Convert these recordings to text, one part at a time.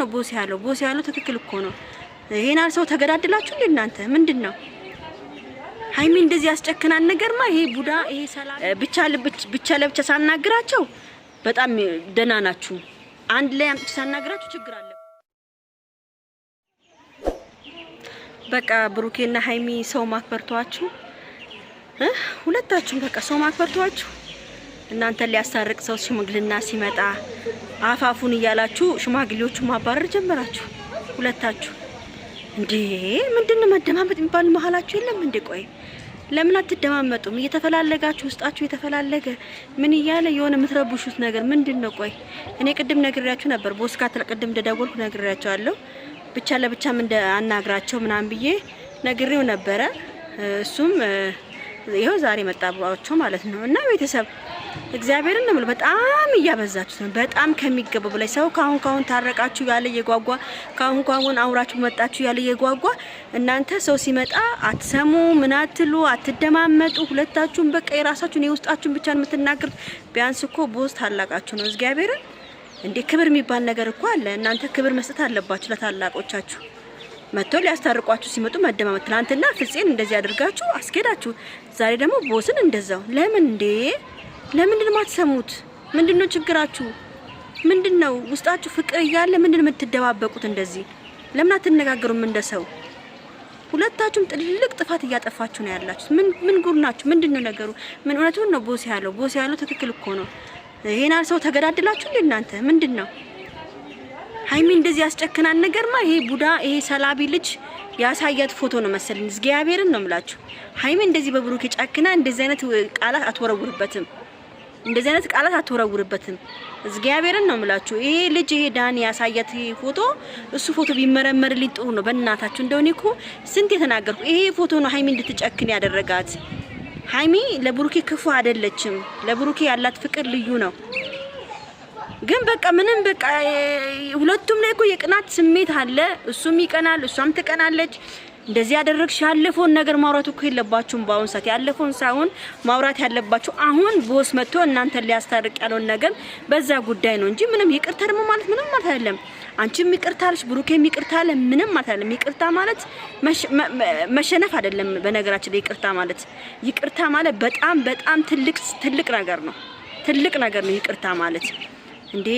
ነው ቦስ ያለው። ቦስ ያለው ትክክል እኮ ነው። ይሄን አልሰው ሰው ተገዳድላችሁ እናንተ ምንድን ነው ሀይሚ እንደዚህ ያስጨክናል ነገርማ ይሄ ቡዳ ይሄ ሰላም ብቻ ብቻ ለብቻ ሳናግራቸው በጣም ደህና ናችሁ። አንድ ላይ አምጥ ሳናግራችሁ ችግር አለ። በቃ ብሩኬና ሀይሚ ሰው ማክበር ሁለታችሁም በቃ ሰው ማክበር እናንተን ሊያስታርቅ ሰው ሽምግልና ሲመጣ አፋፉን እያላችሁ ሽማግሌዎቹን ማባረር ጀመራችሁ። ሁለታችሁ እንዴ ምንድን መደማመጥ የሚባል መሀላችሁ የለም እንዴ? ቆይ ለምን አትደማመጡም? እየተፈላለጋችሁ ውስጣችሁ የተፈላለገ ምን እያለ የሆነ የምትረብሹት ነገር ምንድን ነው? ቆይ እኔ ቅድም ነግሬያችሁ ነበር፣ ቦስካ ቅድም እንደደወልኩ ነግሬያቸዋለሁ። ብቻ ለብቻም እንደ አናግራቸው ምናምን ብዬ ነግሬው ነበረ። እሱም ይኸው ዛሬ መጣባቸው ማለት ነው እና ቤተሰብ እግዚአብሔርን ነው የምለው። በጣም እያበዛችሁት ነው፣ በጣም ከሚገባው በላይ ሰው ካሁን ካሁን ታረቃችሁ ያለ የጓጓ ካሁን ካሁን አውራችሁ መጣችሁ ያለ የጓጓ እናንተ ሰው ሲመጣ አትሰሙ፣ ምን አትሉ፣ አትደማመጡ። ሁለታችሁም በቃ የራሳችሁን የውስጣችሁን ብቻ ነው የምትናገሩት። ቢያንስ እኮ ቦስ ታላቃችሁ ነው። እግዚአብሔርን እንዴ ክብር የሚባል ነገር እኮ አለ። እናንተ ክብር መስጠት አለባችሁ ለታላቆቻችሁ። መጥተው ሊያስታርቋችሁ ሲመጡ መደማመጥ። ትናንትና ፍፄን እንደዚህ አድርጋችሁ አስኬዳችሁ፣ ዛሬ ደግሞ ቦስን እንደዛው። ለምን እንዴ ለምንድን ማትሰሙት? ምንድን ነው ችግራችሁ? ምንድን ነው ውስጣችሁ ፍቅር እያለ ምንድን የምትደባበቁት? እንደዚህ ለምን አትነጋገሩም? እንደ ሰው ሁለታችሁም ትልቅ ጥፋት እያጠፋችሁ ነው ያላችሁት። ምን ምን ጉር ናችሁ? ምንድን ነው ነገሩ? ምን እውነቱን ነው ቦስ ያለው። ቦስ ያለው ትክክል እኮ ነው። ይሄን ሰው ተገዳድላችሁ እንዴ እናንተ ምንድን ነው ሀይሚ እንደዚህ ያስጨክናል ነገርማ። ይሄ ቡዳ ይሄ ሰላቢ ልጅ ያሳያት ፎቶ ነው መሰለኝ። እግዚአብሔርን ነው የምላችሁ። ሀይሚ እንደዚህ በብሩክ ጨክና እንደዚህ አይነት ቃላት አትወረውርበትም። እንደዚህ አይነት ቃላት አትወረውርበትም። እግዚአብሔርን ነው የምላችሁ። ይሄ ልጅ ይሄ ዳን ያሳያት ፎቶ እሱ ፎቶ ቢመረመርልኝ ጥሩ ነው። በእናታችሁ እንደሆነ እኮ ስንት የተናገርኩ ይሄ ፎቶ ነው ሀይሚ እንድትጨክን ያደረጋት። ሀይሚ ለብሩኬ ክፉ አይደለችም። ለብሩኬ ያላት ፍቅር ልዩ ነው። ግን በቃ ምንም በቃ ሁለቱም ላይ እኮ የቅናት ስሜት አለ። እሱም ይቀናል፣ እሷም ትቀናለች። እንደዚህ ያደረግሽ ያለፈውን ነገር ማውራት እኮ የለባችሁም። በአሁን ሰዓት ያለፈውን ሳይሆን ማውራት ያለባችሁ አሁን ቦስ መጥቶ እናንተን ሊያስታርቅ ያለውን ነገር በዛ ጉዳይ ነው እንጂ ምንም ይቅርታ ደግሞ ማለት ምንም ማለት አይደለም። አንቺም ይቅርታ አለሽ፣ ብሩኬም ይቅርታ አለ። ምንም ማለት አይደለም። ይቅርታ ማለት መሸነፍ አይደለም። በነገራችን ላይ ይቅርታ ማለት ይቅርታ ማለት በጣም በጣም ትልቅ ትልቅ ነገር ነው። ትልቅ ነገር ነው ይቅርታ ማለት እንዴ!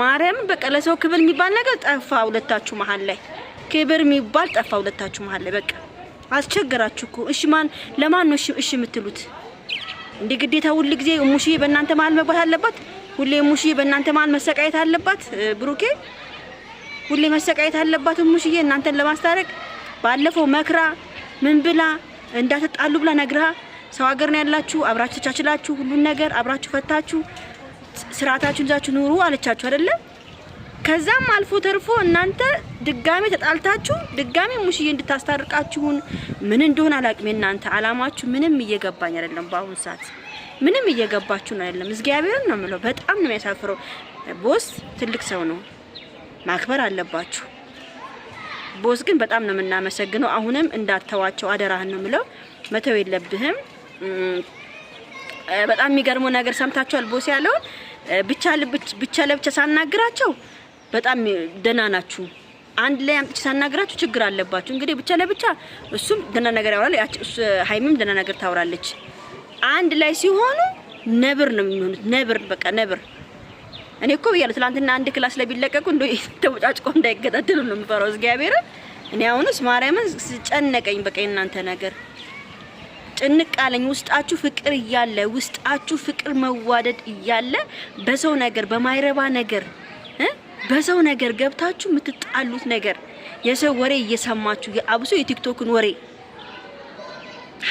ማርያም በቀለሰው ክብል የሚባል ነገር ጠፋ ሁለታችሁ መሀል ላይ ክብር የሚባል ጠፋ ሁለታችሁ መሀል ላይ በቃ አስቸገራችሁ እኮ እሺ ማን ለማን ነው እሺ የምትሉት እንደ ግዴታ ሁል ጊዜ ሙሽዬ በእናንተ መሀል መግባት አለባት ሁሌ ሙሽዬ በእናንተ መሀል መሰቃየት አለባት ብሩኬ ሁሌ መሰቃየት አለባት ሙሽዬ እናንተን ለማስታረቅ ባለፈው መክራ ምን ብላ እንዳትጣሉ ብላ ነግራ ሰው ሀገር ነው ያላችሁ አብራችሁ ተቻችላችሁ ሁሉን ነገር አብራችሁ ፈታችሁ ስርዓታችሁ ይዛችሁ ኑሩ አለቻችሁ አይደለም ከዛም አልፎ ተርፎ እናንተ ድጋሜ ተጣልታችሁ ድጋሜ ሙሽዬ እንድታስታርቃችሁን ምን እንደሆነ አላቅም። እናንተ አላማችሁ ምንም እየገባኝ አይደለም። በአሁኑ ሰዓት ምንም እየገባችሁን አይደለም። እግዚአብሔርን ነው የምለው። በጣም ነው የሚያሳፍረው። ቦስ ትልቅ ሰው ነው፣ ማክበር አለባችሁ። ቦስ ግን በጣም ነው የምናመሰግነው። አሁንም እንዳተዋቸው አደራህን ነው የምለው። መተው የለብህም። በጣም የሚገርመው ነገር ሰምታችኋል። ቦስ ያለውን ብቻ ለብቻ ሳናግራቸው በጣም ደህና ናችሁ። አንድ ላይ አምጥቼ ሳናግራችሁ ችግር አለባችሁ። እንግዲህ ብቻ ለብቻ እሱም ደህና ነገር ያወራል፣ ሀይሚም ደህና ነገር ታወራለች። አንድ ላይ ሲሆኑ ነብር ነው የሚሆኑት። ነብር በቃ ነብር። እኔ እኮ ብያለሁ ትናንትና አንድ ክላስ ላይ ቢለቀቁ እንደ ተቦጫጭቆ እንዳይገዳደሉ ነው የምፈራው እግዚአብሔር። እኔ አሁንስ ማርያምን ስጨነቀኝ በቃ የእናንተ ነገር ጭንቅ አለኝ። ውስጣችሁ ፍቅር እያለ ውስጣችሁ ፍቅር መዋደድ እያለ በሰው ነገር በማይረባ ነገር በሰው ነገር ገብታችሁ የምትጣሉት ነገር የሰው ወሬ እየሰማችሁ አብሶ የቲክቶክን ወሬ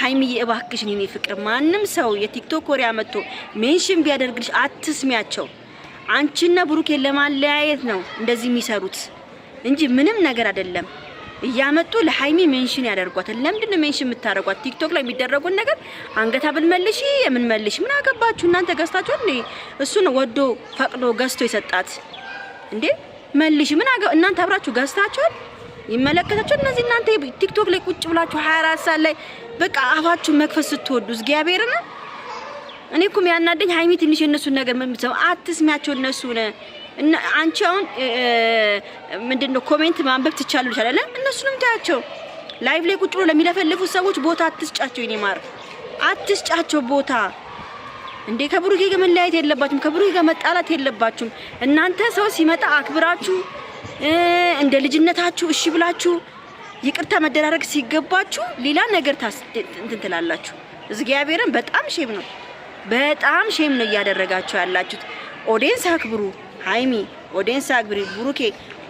ሀይሚዬ እባክሽን የኔ ፍቅር ማንም ሰው የቲክቶክ ወሬ አመጥቶ ሜንሽን ቢያደርግልሽ አትስሚያቸው። አንቺና ብሩኬን ለማለያየት ነው እንደዚህ የሚሰሩት እንጂ ምንም ነገር አይደለም። እያመጡ ለሀይሚ ሜንሽን ያደርጓታል። ለምንድን ነው ሜንሽን የምታደርጓት? ቲክቶክ ላይ የሚደረጉን ነገር አንገታ ብንመልሽ የምንመልሽ ምን አገባችሁ እናንተ ገዝታችሁ እሱ ነው ወዶ ፈቅዶ ገዝቶ የሰጣት እንዴ መልሽ ምን አገ እናንተ አብራችሁ ገዝታችኋል ይመለከታችሁ እነዚህ እናንተ ቲክቶክ ላይ ቁጭ ብላችሁ 24 ሰዓት ላይ በቃ አፋችሁ መክፈት ስትወዱ እግዚአብሔር ነው። እኔ እኮ የሚያናደኝ ሀይሚ ትንሽ የነሱን ነገር ምን ሰው አትስሚያቸው። እነሱ እና አንቺ አሁን ምንድነው ኮሜንት ማንበብ ትቻሉ ይችላል። እነሱንም ታያቸው ላይቭ ላይ ቁጭ ብሎ ለሚለፈልፉ ሰዎች ቦታ አትስጫቸው። ይኔ ማር አትስጫቸው ቦታ እንዴ ከብሩኬ ጋር መለያየት የለባችሁም። ከብሩኬ ጋር መጣላት የለባችሁም። እናንተ ሰው ሲመጣ አክብራችሁ እንደ ልጅነታችሁ እሺ ብላችሁ ይቅርታ መደራረግ ሲገባችሁ ሌላ ነገር እንትን ትላላችሁ። እግዚአብሔርን በጣም ሼም ነው፣ በጣም ሼም ነው እያደረጋችሁ ያላችሁት። ኦዴንስ አክብሩ፣ ሃይሚ ኦዴንስ አክብሩ፣ ብሩኬ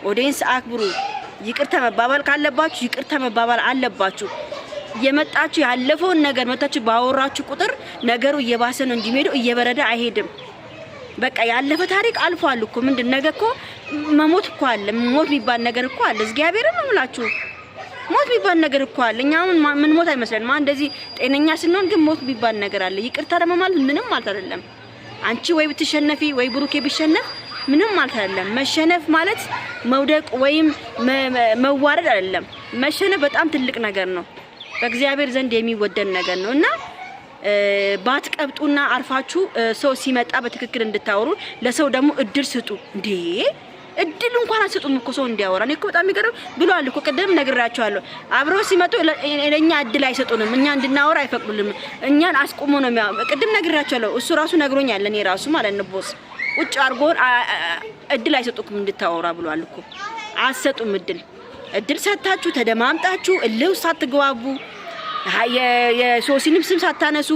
ኦዲየንስ አክብሩ። ይቅርታ መባባል ካለባችሁ ይቅርታ መባባል አለባችሁ። የመጣችሁ ያለፈውን ነገር መታችሁ ባወራችሁ ቁጥር ነገሩ እየባሰ ነው እንጂ እየበረደ አይሄድም። በቃ ያለፈ ታሪክ አልፏል እኮ ምንድን ነገ እኮ መሞት እኮ አለ። ሞት የሚባል ነገር እኮ አለ። እግዚአብሔርን ነው የምላችሁ። ሞት የሚባል ነገር እኮ አለ። እኛ ምን ሞት አይመስለን ማ እንደዚህ ጤነኛ ስንሆን ግን ሞት የሚባል ነገር አለ። ይቅርታ ደግሞ ማለት ምንም ማለት አይደለም። አንቺ ወይ ብትሸነፊ ወይ ብሩኬ ቢሸነፍ ምንም ማለት አይደለም። መሸነፍ ማለት መውደቅ ወይም መዋረድ አይደለም። መሸነፍ በጣም ትልቅ ነገር ነው። በእግዚአብሔር ዘንድ የሚወደድ ነገር ነው እና ባትቀብጡና አርፋችሁ ሰው ሲመጣ በትክክል እንድታወሩ ለሰው ደግሞ እድል ስጡ። እንዴ እድል እንኳን አትሰጡም እኮ ሰው እንዲያወራ። እኔ እኮ በጣም የሚገርም ብሏል እኮ ቅድም ነግራቸዋለሁ። አብረው ሲመጡ ለእኛ እድል አይሰጡንም፣ እኛ እንድናወራ አይፈቅዱልም። እኛን አስቆሞ ነው የሚያ ቅድም ነግራቸዋለሁ። እሱ ራሱ ነግሮኛል። እኔ ራሱ ማለት ነው ቦስ ቁጭ አድርጎን እድል አይሰጡኩም እንድታወራ ብሏል እኮ አትሰጡም እድል እድል ሰታችሁ ተደማምጣችሁ እልው ሳትግባቡ የሶሲንም ስም ሳታነሱ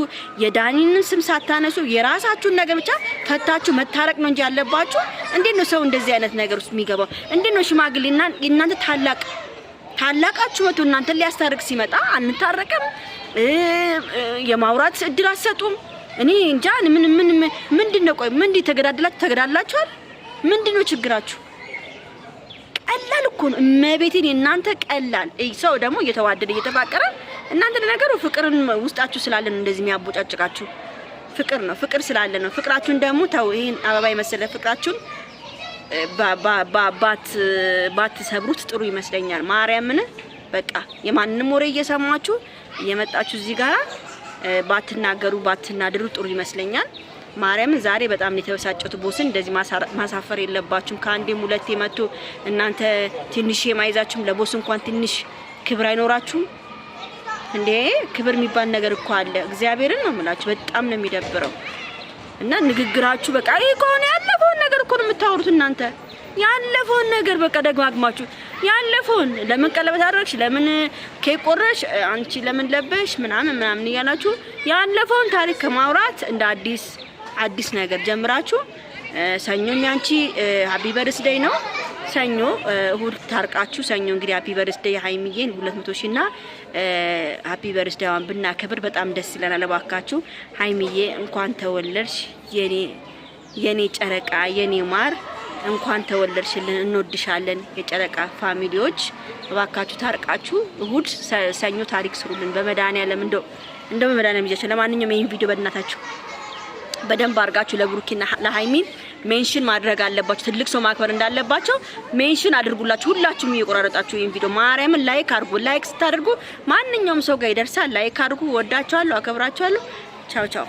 የዳኒንም ስም ሳታነሱ የራሳችሁን ነገር ብቻ ፈታችሁ መታረቅ ነው እንጂ ያለባችሁ። እንዴት ነው ሰው እንደዚህ አይነት ነገር ውስጥ የሚገባው? እንዴት ነው ሽማግሌ እናንተ ታላቅ ታላቃችሁ መቶ እናንተ ሊያስታርቅ ሲመጣ አንታረቅም፣ የማውራት እድል አትሰጡም። እኔ እንጃ ምን ምን ምንድን ነው? ቆይ ምንድን ተገዳድላችሁ ተገዳድላችኋል? ምንድን ነው ችግራችሁ? ቀላል እኮ ነው። እመቤቴን እናንተ ቀላል ሰው ደግሞ እየተዋደደ እየተፋቀረ እናንተ ለነገሩ ፍቅርን ውስጣችሁ ስላለ ነው እንደዚህ የሚያቦጫጭቃችሁ። ፍቅር ነው ፍቅር ስላለ ነው። ፍቅራችሁን ደግሞ ተው፣ ይሄን አበባ የመሰለ ፍቅራችሁን ባት ባትሰብሩት ጥሩ ይመስለኛል። ማርያምን በቃ የማንንም ወሬ እየሰማችሁ እየመጣችሁ እዚህ ጋራ ባትናገሩ ባትናድሩ ጥሩ ይመስለኛል። ማርያምን ዛሬ በጣም ነው የተበሳጨቱ። ቦስን እንደዚህ ማሳፈር የለባችሁም። ከአንዴም ሁለቴ መቶ እናንተ ትንሽ የማይዛችሁም ለቦስ እንኳን ትንሽ ክብር አይኖራችሁም እንዴ? ክብር የሚባል ነገር እኮ አለ። እግዚአብሔርን ነው የምላችሁ። በጣም ነው የሚደብረው። እና ንግግራችሁ በቃ ይሄ ከሆነ ያለፈውን ነገር እኮ ነው የምታወሩት እናንተ ያለፈውን ነገር በቃ ደግማግማችሁ ያለፈውን ለምን ቀለበት አደረግሽ፣ ለምን ኬክ ቆረሽ፣ አንቺ ለምን ለበሽ ምናምን ምናምን እያላችሁ ያለፈውን ታሪክ ከማውራት እንደ አዲስ አዲስ ነገር ጀምራችሁ ሰኞ ያንቺ ሀፒ በርስ ነው። ሰኞ እሁድ ታርቃችሁ ሰኞ እንግዲህ ሀፒ በርስ ሁለት መቶ ሺ ና ሀፒ በርስ ደይዋን ብናከብር በጣም ደስ ይለናል። እባካችሁ ሀይሚዬ እንኳን ተወለድሽ የኔ የኔ ጨረቃ የኔ ማር እንኳን ተወለድሽልን፣ እንወድሻለን። የጨረቃ ፋሚሊዎች እባካችሁ ታርቃችሁ እሁድ ሰኞ ታሪክ ስሩልን። በመድኃኒዓለም እንደው እንደው በመድኃኒዓለም ይዤ ለማንኛውም ይሄን ቪዲዮ በእናታችሁ በደንብ አድርጋችሁ ለብሩኪና ለሀይሚን ሜንሽን ማድረግ አለባችሁ። ትልቅ ሰው ማክበር እንዳለባቸው ሜንሽን አድርጉላችሁ። ሁላችሁም እየቆራረጣችሁ ይህን ቪዲዮ ማርያምን ላይክ አድርጉ። ላይክ ስታደርጉ ማንኛውም ሰው ጋር ይደርሳል። ላይክ አድርጉ። ወዳችኋለሁ፣ አከብራችኋለሁ። ቻው ቻው።